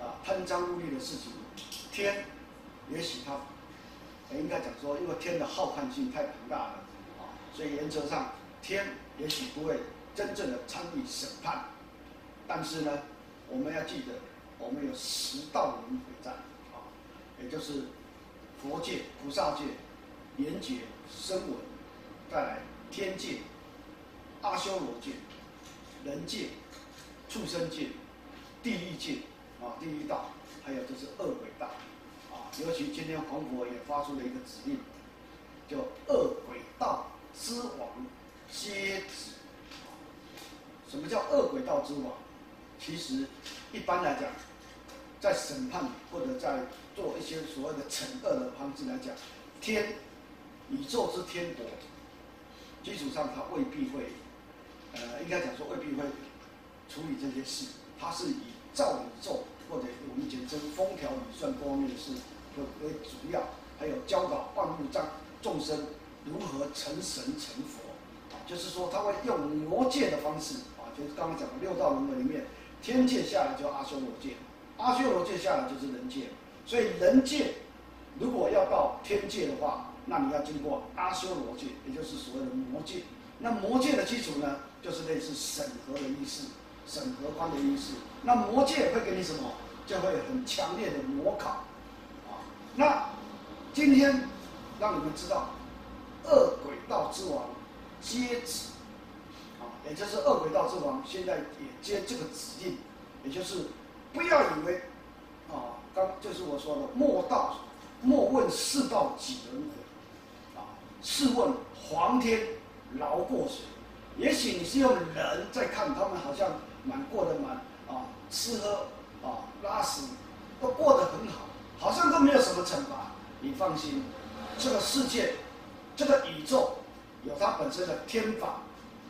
啊，貪贓污吏的事情，天，也許他，應該講說，因為天的浩瀚性太龐大了，啊，所以原則上，天也許不會真正的參與審判，但是呢，我們要記得，我們有十道輪迴在，啊，也就是佛界、菩薩界、閻界、聲聞，再來天界、阿修羅界、人界、畜生界、地獄界。啊，第一道，還有就是惡鬼道，啊，尤其今天皇佛也發出了一個指令，叫惡鬼道之王皆止。什麼叫惡鬼道之王？其實一般來講，在審判或者在做一些所謂的懲惡的方式來講，天宇宙之天國基礎上，他未必會，呃，應該講說未必會處理這些事，他是以。造宇宙，或者我們簡稱風調雨順各方面的事，為為主要。還有教導萬物、教眾生如何成神成佛，就是說他會用魔界的方式啊，就是剛剛講的六道輪迴裡面，天界下來就阿修羅界，阿修羅界下來就是人界。所以人界如果要到天界的話，那你要經過阿修羅界，也就是所謂的魔界。那魔界的基礎呢，就是類似審核的意思。審核官的意思，那魔界會給你什麼？就會很強烈的魔考，啊，那今天讓你們知道，惡鬼道之王，接旨，啊，也就是惡鬼道之王現在也接這個指令，也就是不要以為，啊，剛就是我說的莫道莫問世道幾輪回，啊，試問皇天饒過誰？也許你是用人在看他們，好像。蠻過得蠻啊，吃喝啊，拉屎都過得很好，好像都沒有什麼懲罰。你放心，這個世界，這個宇宙有它本身的天法，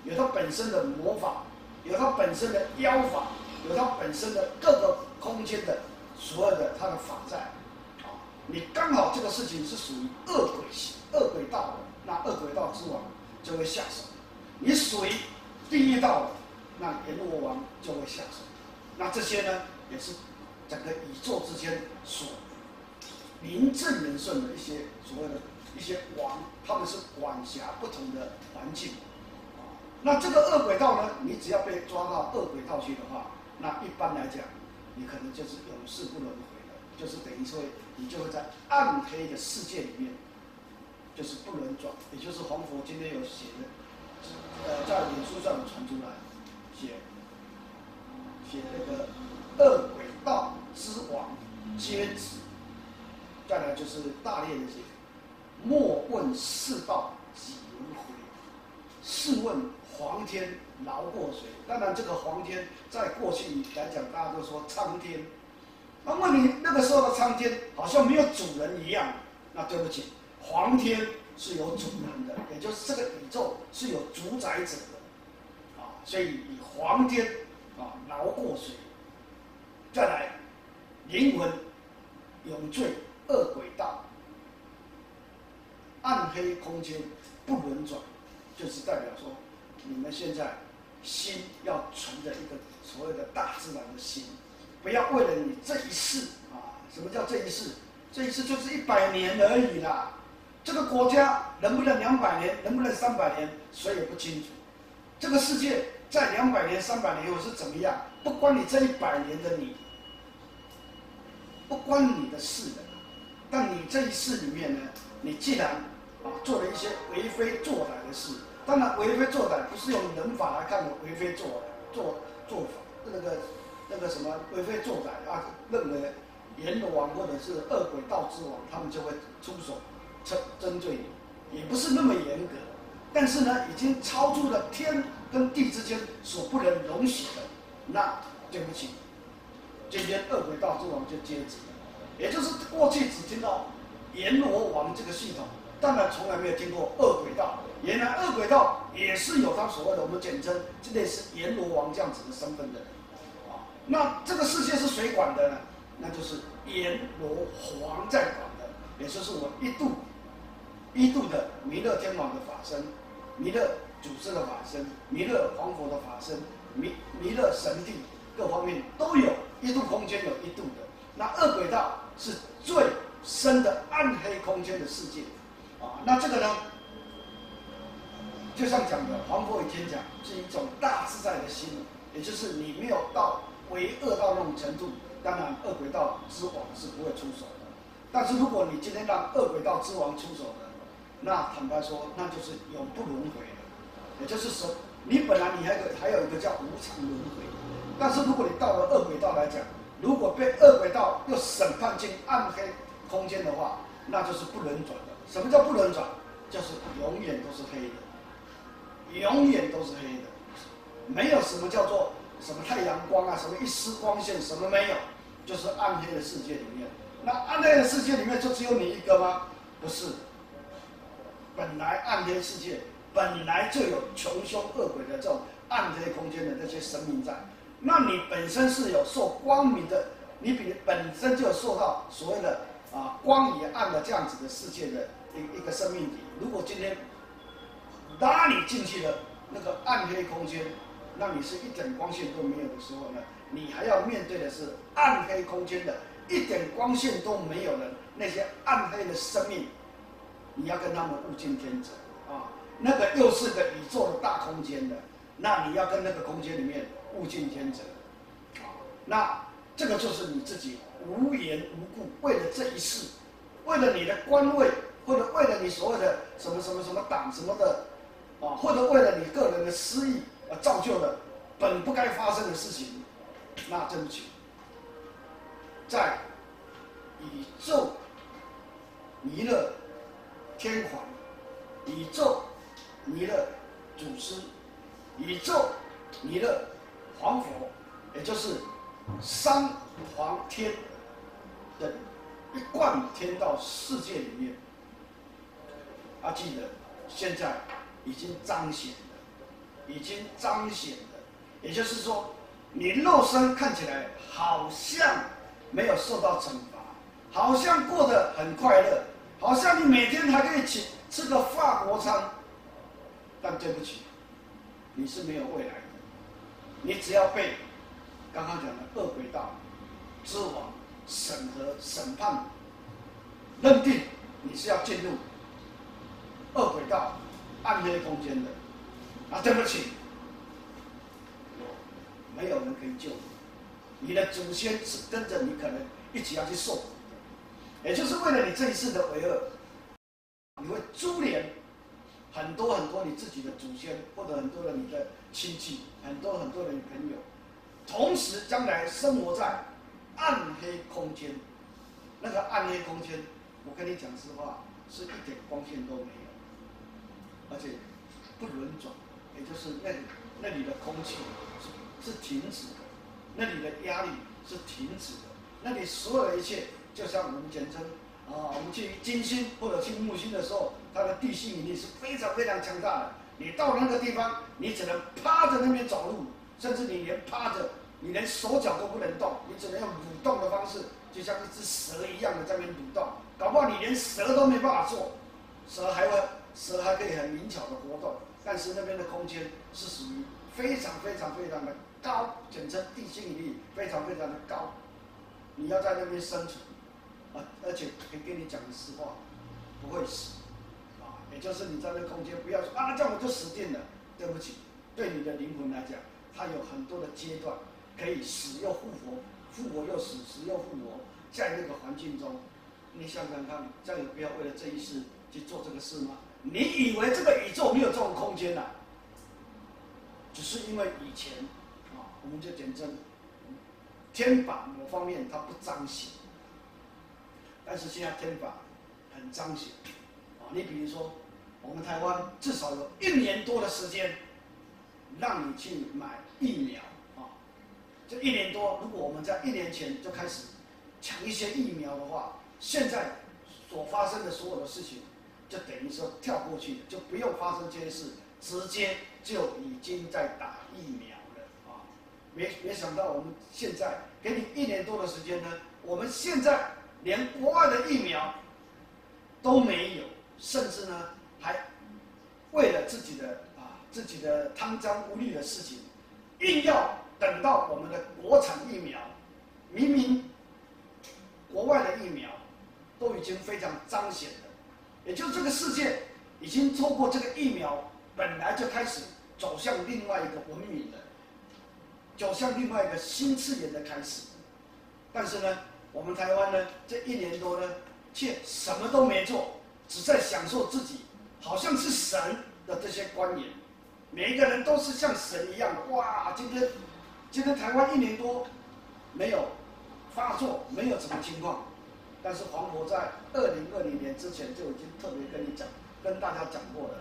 有它本身的魔法，有它本身的妖法，有它本身的各個空間的所有的它的法在。啊，你剛好這個事情是屬於惡鬼惡鬼道的，那惡鬼道之王就會下手。你屬於地獄道那閻羅王就會下手。那這些呢，也是整個宇宙之間所名，名正言順的一些所謂的一些王，他們是管轄不同的環境。那這個惡鬼道呢，你只要被抓到惡鬼道去的話，那一般來講，你可能就是永世不輪迴的，就是等於說你就會在暗黑的世界裡面，就是不能轉。也就是皇佛今天有寫的，呃，在臉書上有傳出來。寫寫那個惡鬼道之王皆子，再來就是大練的寫。莫問世道幾輪迴，試問皇天饒過誰？當然，這個皇天在過去來講，大家都說蒼天。那問你那個時候的蒼天，好像沒有主人一樣。那對不起，皇天是有主人的，也就是這個宇宙是有主宰者的。所以以黃天啊熬過水，再來靈魂永墜惡鬼道，暗黑空間不輪轉，就是代表說你們現在心要存着一個所謂的大自然的心，不要為了你這一世啊，什麼叫這一世？這一世就是一百年而已啦。這個國家能不能兩百年，能不能三百年，誰也不清楚。這個世界在兩百年、三百年以後是怎麼樣？不關你這一百年的你，不關你的事的。但你這一世裡面呢，你既然啊做了一些為非作歹的事，當然為非作歹不是用人法來看的，為非作歹作作法那個那個什麼為非作歹啊，任何閻羅王或者是惡鬼道之王，他們就會出手針針對你，也不是那麼嚴格。但是呢，已經超出了天跟地之間所不能容許的，那對不起，今天惡鬼道之王就接旨。也就是過去只聽到閻羅王這個系統，當然從來沒有聽過惡鬼道。原來惡鬼道也是有他所謂的，我們簡稱這類是閻羅王這樣子的身份的。啊，那這個世界是誰管的呢？那就是閻羅王在管的，也就是我一度一度的彌勒天王的法身。彌勒主持的法身，彌勒皇佛的法身，彌彌勒神帝各方面都有一度空間有一度的，那惡鬼道是最深的暗黑空間的世界，啊，那這個呢，就像講的，皇佛與天講是一種大自在的心，也就是你沒有到為惡到那種程度，當然惡鬼道之王是不會出手的，但是如果你今天讓惡鬼道之王出手呢？那坦白說，那就是永不輪迴的，也就是說，你本來你還有還有一個叫無常輪迴，但是如果你到了惡鬼道來講，如果被惡鬼道又審判進暗黑空間的話，那就是不輪轉的。什麼叫不輪轉？就是永遠都是黑的，永遠都是黑的，沒有什麼叫做什麼太陽光啊，什麼一絲光線，什麼沒有，就是暗黑的世界裡面。那暗黑的世界裡面就只有你一個嗎？不是。本來暗黑世界本來就有窮凶惡鬼的這種暗黑空間的那些生命在，那你本身是有受光明的，你比本身就受到所謂的啊光與暗的這樣子的世界的一一個生命體。如果今天拉你進去了那個暗黑空間，那你是一點光線都沒有的時候呢，你還要面對的是暗黑空間的一點光線都沒有的那些暗黑的生命。你要跟他們物競天擇啊，那個又是個宇宙的大空間的，那你要跟那個空間裡面物競天擇。啊，那這個就是你自己無緣無故為了這一世，為了你的官位，或者為了你所謂的什麼什麼什麼黨什麼的，啊，或者為了你個人的私慾而造就的本不該發生的事情，那對不起，在宇宙彌勒天皇、宇宙、你的祖師、宇宙、你的皇佛，也就是三皇天等一貫天道世界裡面，他、啊、記得，現在已經彰顯了，已經彰顯了。也就是說，你肉身看起來好像沒有受到懲罰，好像過得很快樂。好像你每天還可以起吃個法國餐，但對不起，你是沒有未來的。你只要被剛剛講的餓鬼道之王審核審判認定你是要進入餓鬼道暗黑空間的，啊，對不起，沒有人可以救你，你的祖先，是跟着你可能一起要去受苦。也就是為了你這一次的為惡，你會株連很多很多你自己的祖先，或者很多的你的親戚，很多很多的朋友，同時將來生活在暗黑空間，那個暗黑空間，我跟你講實話，是一點光線都沒有，而且不輪轉，也就是那裡那裡的空氣是是停止的，那裡的壓力是停止的，那裡所有的一切。就像我們簡稱，啊、哦，我們去金星或者去木星的時候，它的地心引力是非常非常強大的。你到那個地方，你只能趴着那邊走路，甚至你連趴着，你連手腳都不能動，你只能用蠕動的方式，就像一隻蛇一樣的在那邊蠕動。搞不好你連蛇都沒辦法做，蛇還會，蛇還可以很靈巧的活動。但是那邊的空間是屬於非常非常非常的高，簡稱地心引力非常非常的高，你要在那邊生存。而而且可以給你講個實話，不會死，啊，也就是你在那個空間不要說啊，這樣我就死定了。對不起，對你的靈魂來講，它有很多的階段，可以死又復活，復活又死，死又復活，在那個環境中，你想想看，這樣有必要為了這一世去做這個事嗎？你以為這個宇宙沒有這種空間吶、啊？只是因為以前啊，我們就簡稱天法某方面它不彰顯。但是現在天法很彰顯，啊！你比如說，我們台灣至少有一年多的時間，讓你去買疫苗啊！這一年多，如果我們在一年前就開始搶一些疫苗的話，現在所發生的所有的事情，就等於說跳過去，就不用發生這些事，直接就已經在打疫苗了啊！沒沒想到我們現在給你一年多的時間呢，我們現在。連國外的疫苗都沒有，甚至呢，還為了自己的啊自己的貪贓污吏的事情，硬要等到我們的國產疫苗，明明國外的疫苗都已經非常彰顯了，也就是這個世界已經透過這個疫苗本來就開始走向另外一個文明的，走向另外一個新次元的開始，但是呢。我們台灣呢，這一年多呢，卻什麼都沒做，只在享受自己，好像是神的這些官員，每一個人都是像神一樣的。哇，今天，今天台灣一年多，沒有發作，沒有什麼情況。但是皇佛在二零二零年之前就已經特別跟你講，跟大家講過了，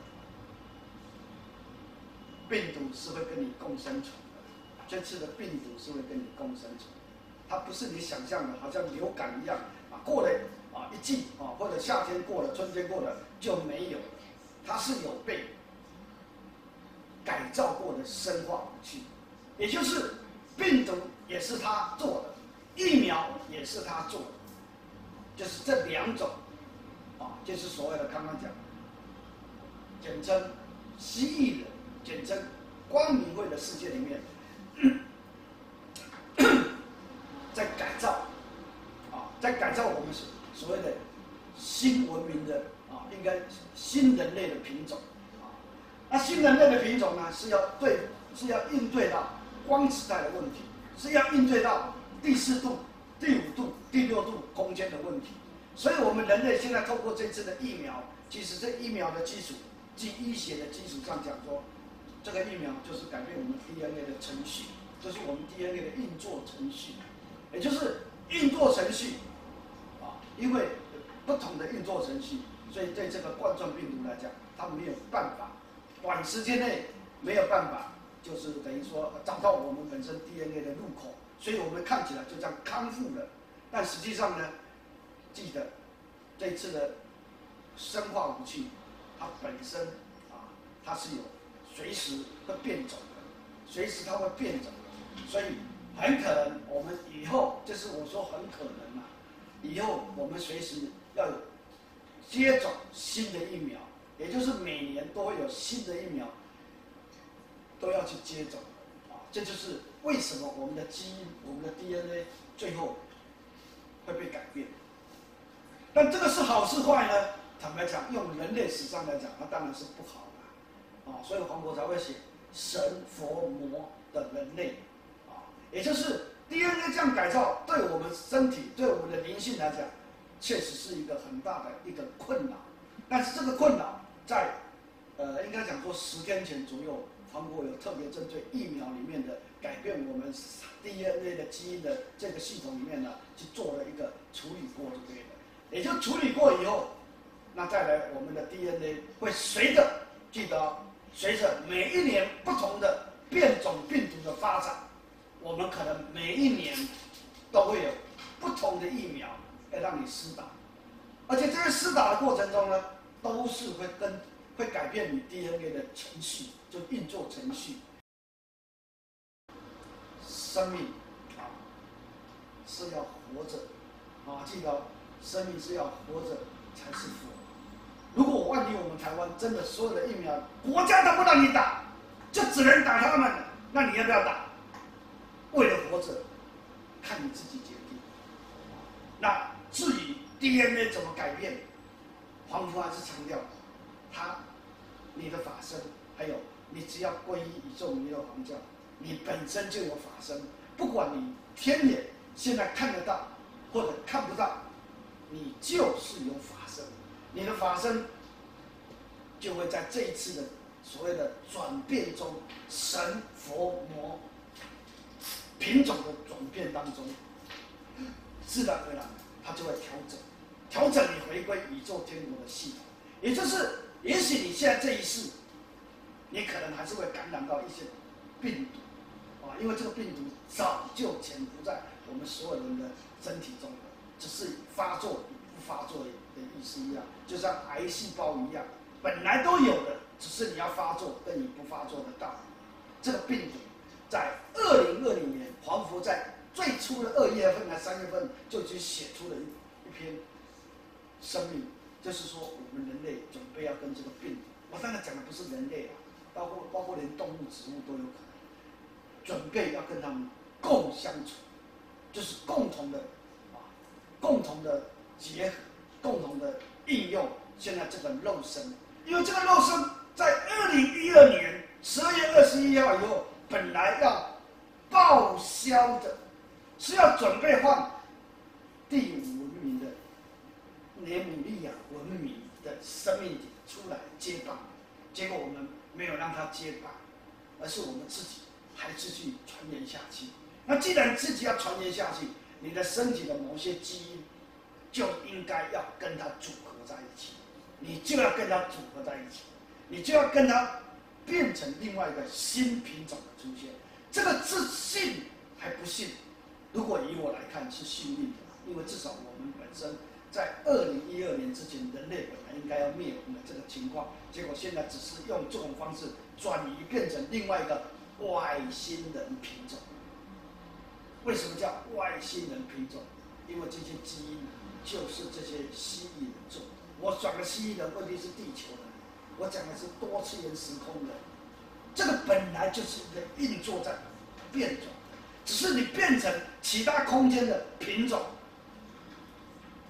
病毒是會跟你共生存的。這次的病毒是會跟你共生存的。它不是你想象的，好像流感一樣啊，過了啊一季啊，或者夏天過了，春天過了就沒有，它是有被改造過的生化武器，也就是病毒也是他做的，疫苗也是他做的，就是這兩種啊，就是所謂的剛剛講，簡稱蜥蜴人，簡稱光明會的世界裡面。改造我們所所謂的新文明的啊，應該新人類的品種啊，那新人類的品種呢是要對是要應對到光時代的問題，是要應對到第四度、第五度、第六度空間的問題。所以，我們人類現在透過這次的疫苗，其實這疫苗的基礎及醫學的基礎上講說，這個疫苗就是改變我們 DNA 的程序，就是我們 DNA 的運作程序，也就是運作程序。因為不同的運作程序，所以對這個冠狀病毒來講，它沒有辦法，短時間內沒有辦法，就是等於說找到我們本身 DNA 的入口，所以我們看起來就這樣康復了。但實際上呢，記得這次的生化武器，它本身啊，它是有隨時會變種的，隨時它會變種的，所以很可能我們以後就是我說很可能啊。以後我們隨時要有接種新的疫苗，也就是每年都會有新的疫苗都要去接種，啊，這就是為什麼我們的基因、我們的 DNA 最後會被改變。但這個是好是壞呢？坦白講，用人類史上來講，那當然是不好了，啊，所以皇佛才會寫神、佛、魔的人類，啊，也就是。DNA 這樣改造對我們身體、對我們的靈性來講，確實是一個很大的一個困擾。但是這個困擾，在呃，應該講說十天前左右，我國有特別針對疫苗裡面的改變我們 DNA 的基因的這個系統裡面呢，去做了一個處理過的這樣，也就是處理過以後，那再來我們的 DNA 會隨着記得，隨着每一年不同的變種病毒的發展。我們可能每一年都會有不同的疫苗要讓你施打，而且這些施打的過程中呢，都是會跟會改變你 DNA 的程序，就運作程序。生命啊是要活着啊，記得生命是要活着才是福。如果萬一我們台灣，真的所有的疫苗國家都不讓你打，就只能打他們，那你要不要打？為了活着，看你自己決定。那至於 DNA 怎麼改變，皇佛還是強調，他你的法身，還有你只要皈依宇宙彌勒皇教，你本身就有法身。不管你天眼現在看得到或者看不到，你就是有法身，你的法身就會在這一次的所謂的轉變中，神佛魔。品種的轉變當中，自然而然，它就會調整，調整你回歸宇宙天國的系統，也就是，也許你現在這一世，你可能還是會感染到一些病毒，啊，因為這個病毒早就潛伏在我們所有人的身體中了，只是發作與不發作的意思一樣，就像癌細胞一樣，本來都有的，只是你要發作跟你不發作的道理。這個病毒，在二零二零年，皇佛在最初的二月份還三月份就已經寫出了一一篇聲明，就是說我們人類準備要跟這個病毒，我剛才講的不是人類啊，包括包括連動物、植物都有可能，準備要跟他們共相處，就是共同的啊，共同的結合，共同的應用現在這個肉身，因為這個肉身在二零一二年十二月二十一號以後，本來要報銷的，是要準備換第五文明的、尼姆利亞文明的生命體出來接棒，結果我們沒有讓他接棒，而是我們自己還是去傳言下去。那既然自己要傳言下去，你的身體的某些基因就應該要跟它組合在一起，你就要跟它組合在一起，你就要跟它。變成另外一個新品種的出現，這個自信還不信。如果以我來看是幸運的，因為至少我們本身在二零一二年之前，人類本來應該要滅亡的這個情況，結果現在只是用這種方式轉移變成另外一個外星人品種。為什麼叫外星人品種？因為這些基因就是這些蜥蜴人做。我轉了蜥蜴人的問題是地球人。我講的是多次元時空的，這個本來就是一個運作在變種，只是你變成其他空間的品種。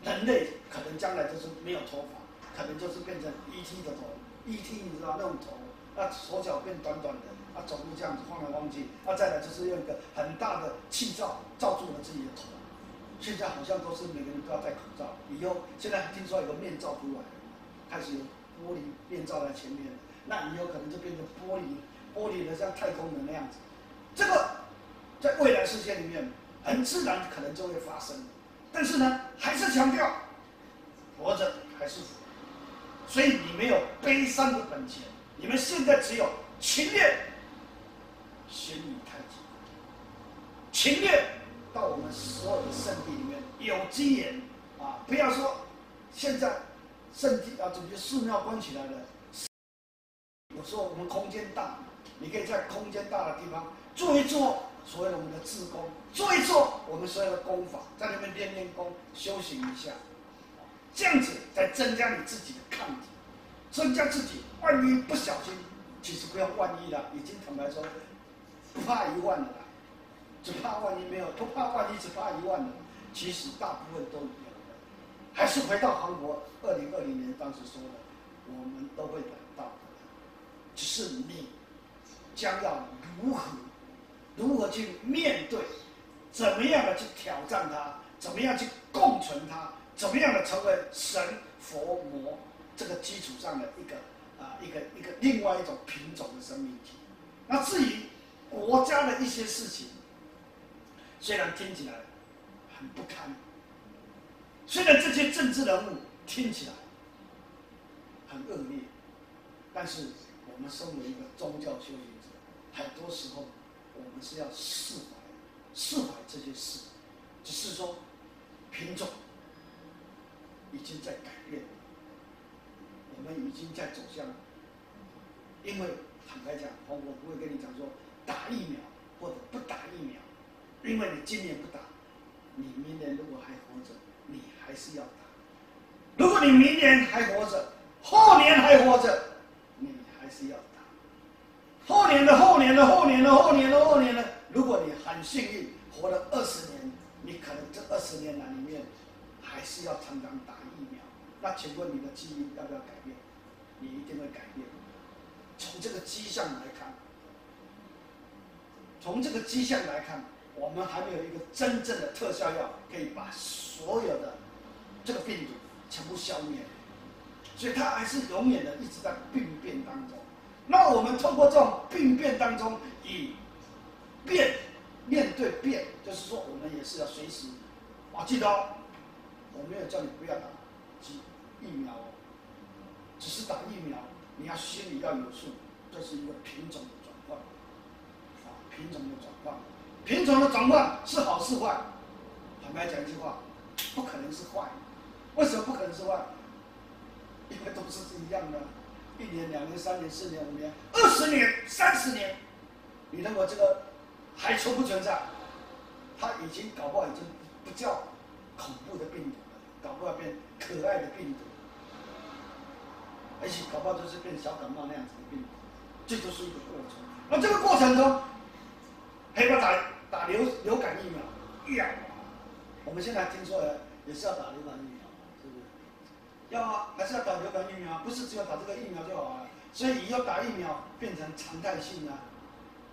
人類可能將來就是沒有頭髮，可能就是變成 ET 的頭，ET 你知道那種頭，啊手腳變短短的，啊走路這樣子晃來晃去，啊再來就是用一個很大的氣罩罩住了自己的頭。現在好像都是每個人都要戴口罩，以後現在還聽說有個面罩出來，開始。玻璃面罩在前面，那你有可能就變成玻璃，玻璃的像太空人那樣子。這個在未來世界裡面，很自然可能就會發生。但是呢，還是強調活着還是死，所以你沒有悲傷的本錢。你們現在只有勤練形意太極，勤練到我們所有的聖地裡面有經驗啊！不要說現在。甚至啊，有些寺廟關起來了。有時候我們空間大，你可以在空間大的地方做一做所謂我們的自功，做一做我們所有的功法，在裡面練練功，修行一下。這樣子才增加你自己的抗體，增加自己。萬一不小心，其實不要萬一了。已經坦白說，不怕一萬的，只怕萬一沒有，不怕萬一，只怕一萬的。其實大部分都。還是回到韓國，二零二零年當時說的，我們都會等到，只是你將要如何如何去面對，怎麼樣的去挑戰它，怎麼樣去共存它，怎麼樣的成為神佛魔這個基礎上的一個啊、呃、一個一個另外一種品種的生命體。那至於國家的一些事情，雖然聽起來很不堪。雖然這些政治人物聽起來很惡劣，但是我們身為一個宗教修行者，很多時候我們是要釋懷、釋懷這些事，只是說品種已經在改變，我們已經在走向。因為坦白講，我我不會跟你講說打疫苗或者不打疫苗，因為你今年不打，你明年如果還活着。還是要打。如果你明年還活着，後年還活着，你還是要打。後年的後年的後年的後年的後年呢？如果你很幸運活了二十年，你可能這二十年來裡面還是要常常打疫苗。那請問你的基因要不要改變？你一定會改變。從這個跡象來看，從這個跡象來看，我們還沒有一個真正的特效藥可以把所有的。這個病毒全部消滅，所以它還是永遠的一直在病變當中。那我們通過這種病變當中，以變面對變，就是說，我們也是要隨時，我記得哦，我沒有叫你不要打疫疫苗哦，只是打疫苗，你要心裡要有數。這是一個品種的轉換，啊，品種的轉換，品種的轉換是好是壞？坦白講一句話，不可能是壞。為什麼不可能是萬？因為都是一樣的，一年、兩年、三年、四年、五年、二十年、三十年，你認為這個還存不存在？他已經搞不好已經不叫恐怖的病毒了，搞不好變可愛的病毒，而且搞不好就是變小感冒那樣子的病毒，這就，就是一個過程。那這個過程中，還要打打流流感疫苗？疫苗，我們現在聽說的也是要打流感疫苗。要啊，還是要打流感疫苗。不是只有打這個疫苗就好了，所以以後打疫苗變成常態性了啊。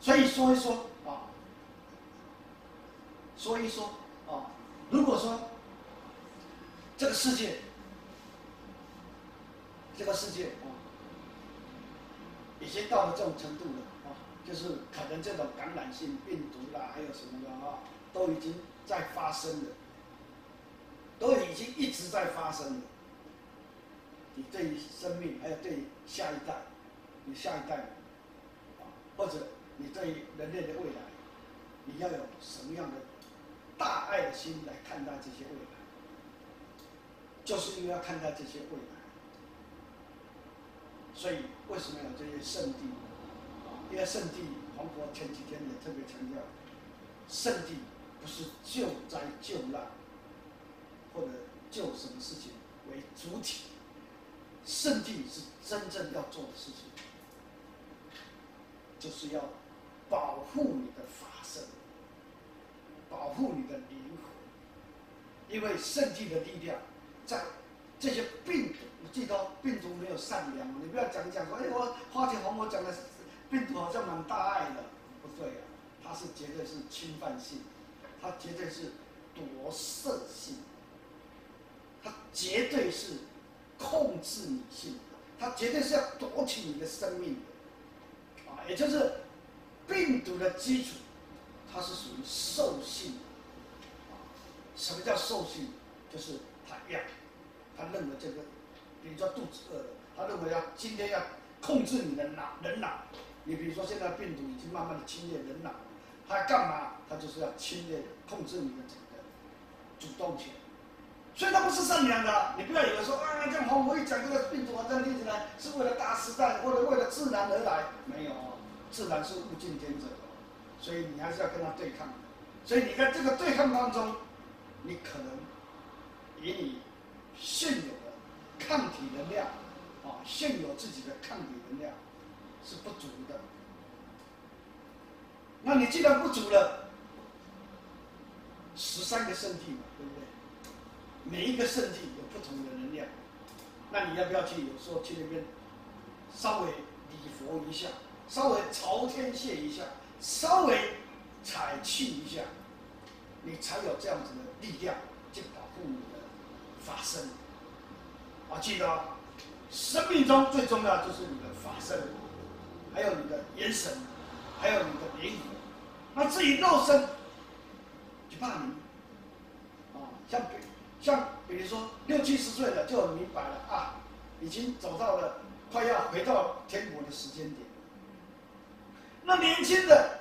所以說一說啊，說一說啊，如果說這個世界，這個世界啊，已經到了這種程度了啊，就是可能這種感染性病毒啦，還有什麼的啊，都已經在發生了，都已經一直在發生了。你對生命，還有對下一代，你下一代，或者你對人類的未來，你要有什麼樣的大愛的心來看待這些未來？就是因為要看待這些未來。所以為什麼要有這些聖地？因為聖地，皇佛前幾天也特別強調，聖地不是救災救難或者救什麼事情為主體。聖地是真正要做的事情，就是要保護你的法身，保護你的靈魂。因為聖地的力量，在這些病毒，你知道病毒沒有善良嗎？你不要講講說，哎，我花姐我講的病毒好像蠻大愛的，不對啊，它是絕對是侵犯性，它絕對是奪舍性，它絕對是。控制女性，它絕對是要奪取你的生命的，啊，也就是病毒的基礎，它是屬於獸性，啊，什麼叫獸性？就是它要，它認為這個，比如說肚子餓了，它認為要今天要控制你的腦，人腦，你比如說現在病毒已經慢慢的侵略人腦，它干嘛？它就是要侵略控制你的這個主動權。所以它不是善良的，啊，你不要以為說啊，這好，我一講這個病毒，我、啊、樣例子呢，是為了大時代或者為了自然而來，沒有、哦，自然是物競天擇，所以你還是要跟他對抗。所以你在這個對抗當中，你可能以你現有的抗體能量啊，現有自己的抗體能量是不足的。那你既然不足了，十三個身體嘛，對不對？每一個聖地有不同的能量，那你要不要去？有時候去那邊稍微禮佛一下，稍微朝天謝一下，稍微採氣一下，你才有這樣子的力量去保護你的法身。我記得、哦，生命中最重要就是你的法身，還有你的元神，還有你的靈魂。那至於肉身，就怕你啊，像鬼。像比如說六七十歲了就很明白了啊，已經走到了快要回到天國的時間點。那年輕的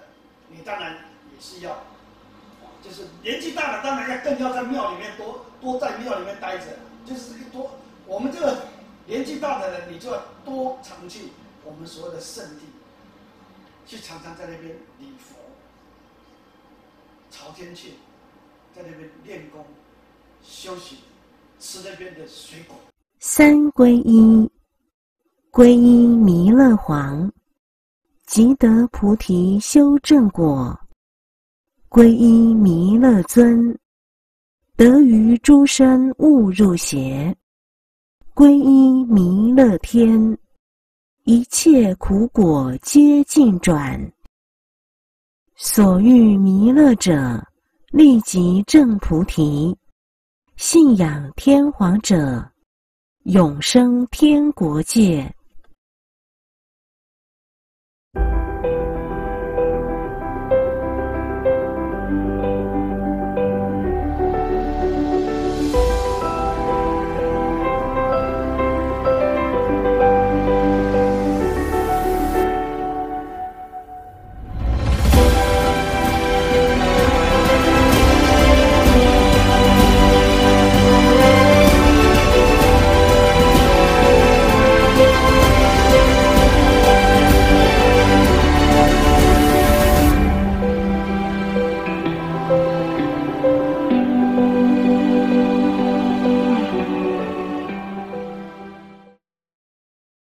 你當然也是要，就是年紀大了當然要更要在廟裡面多多在廟裡面待着，就是這個多我們這個年紀大的人，你就要多常去我們所謂的聖地，去常常在那邊禮佛、朝天去，在那邊練功。休息，吃那邊的水果。三皈依，皈依彌勒皇，即得菩提修正果；皈依彌勒尊，得於諸身勿入邪；皈依彌勒天，一切苦果皆盡轉。所欲彌勒者，立即正菩提。信仰天皇者，永生天國界。